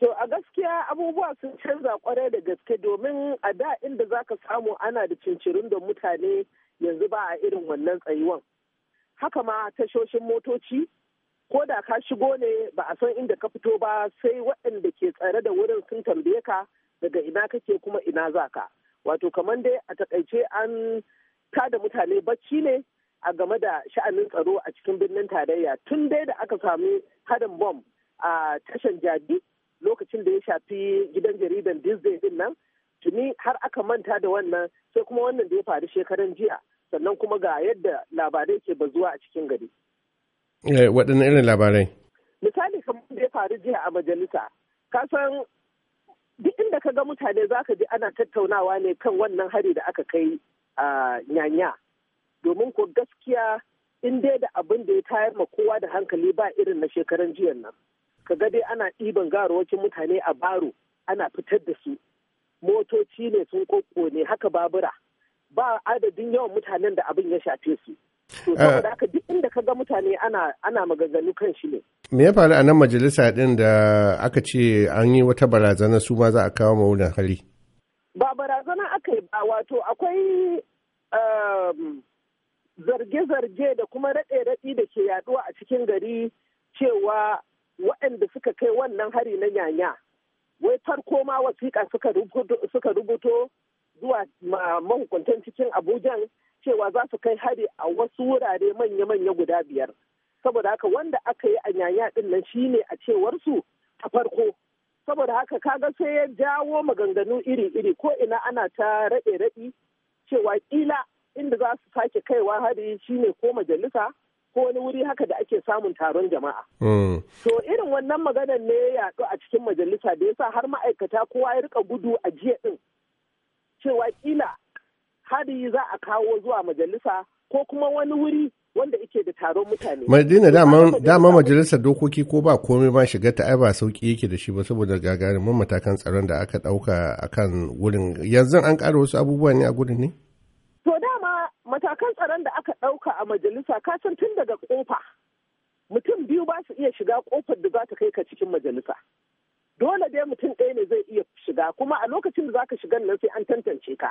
To a gaskiya abubuwa sun canza kwarai da gaske domin a da inda za ka samu ana da cincirin da mutane yanzu ba a irin wannan tsayuwan. Haka ma tashoshin motoci, ko da ka shigo ne ba a san inda ka fito ba sai waɗanda ke tsare da wurin sun tambaye ka daga ina kake kuma ina za ka. Wato kamar dai a takaice an da mutane bacci ne a game da sha'anin tsaro a cikin birnin tarayya tun dai da aka sami hadin bom a tashan jadi lokacin da ya shafi gidan jaridar Disney din nan tuni har aka manta da wannan sai kuma wannan da ya faru shekaran jiya sannan kuma ga yadda labarai ke bazuwa a cikin gari. Eh, Waɗannan irin labarai? Misali kamar da ya faru jiya a majalisa, kasan duk inda ka ga mutane za ka ji ana tattaunawa ne kan wannan hari da aka kai a nyanya. Domin ko gaskiya in dai da abin da ya tayar ma kowa da hankali ba irin na shekaran jiyan nan. ka ga dai ana ɗiban gawarwakin mutane a baro ana fitar da su motoci ne sun ne haka babura ba adadin yawan mutanen da abin ya shafe su eh. saboda duk inda ka ga mutane ana maganganu kan shi ne me ya faru a nan majalisa din da aka ce an yi wata barazana su ma za a kawo ma hali ba barazana aka yi ba wato akwai um, zarge-zarge da kuma raɗe-raɗi da ke yaduwa a cikin gari cewa waɗanda suka kai wannan hari na nyanya wai farko ma wasiƙa suka rubuto zuwa mahukuntan cikin abujan cewa za su kai hari a wasu wurare manya-manya guda biyar saboda haka wanda aka yi a nyanya din nan shine a cewarsu a farko saboda haka kaga sai ya jawo maganganu iri-iri ko ina ana ta raɗe-raɗi cewa ƙila inda za su sake kaiwa hari shine ko majalisa ko wani wuri haka da ake samun taron jama'a. Mm. To irin wannan maganar ne ya yaɗu a cikin majalisa da yasa har ma'aikata kowa ya rika gudu a jiya ɗin cewa kila hari za a kawo zuwa majalisa ko kuma wani wuri wanda ike da taron mutane. Madina dama majalisar dokoki ko ba komai ba shiga ta ai ba sauki yake da shi ba saboda gagarumin matakan tsaron da aka ɗauka akan wurin yanzu an ƙara wasu abubuwa ne a gudun ne? matakan tsaron da aka ɗauka a majalisa kasan tun daga ƙofa mutum biyu ba su iya shiga ƙofar da za ta kai ka cikin majalisa dole dai mutum ɗaya ne zai iya shiga kuma a lokacin da za ka shiga nan sai an tantance ka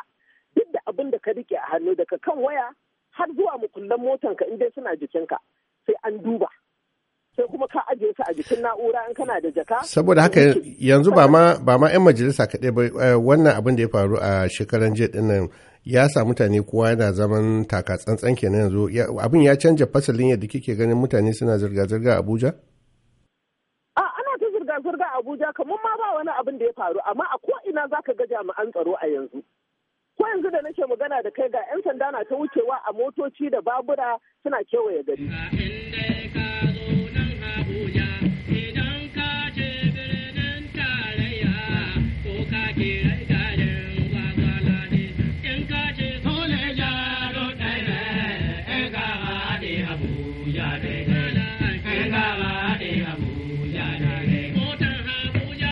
duk da abin da ka rike a hannu daga kan waya har zuwa mukullan motanka in dai suna jikinka sai an duba sai kuma ka ajiye su a jikin na'ura in kana da jaka. Saboda haka yanzu ba ma ba ma 'yan majalisa kaɗai ba eh, wannan abin da ya faru a shekaran jiya dinnan ya sa mutane kowa yana zaman taka tsantsan kenan yanzu abin ya canja fasalin yadda kike ganin mutane suna zirga-zirga Abuja? A ana ta zirga-zirga Abuja kamar ma ba wani abin da ya faru amma a ko ina zaka ga jami'an tsaro a yanzu. Ko yanzu da nake magana da kai ga 'yan sanda na ta wucewa a motoci da babura suna kewaye gari. I did.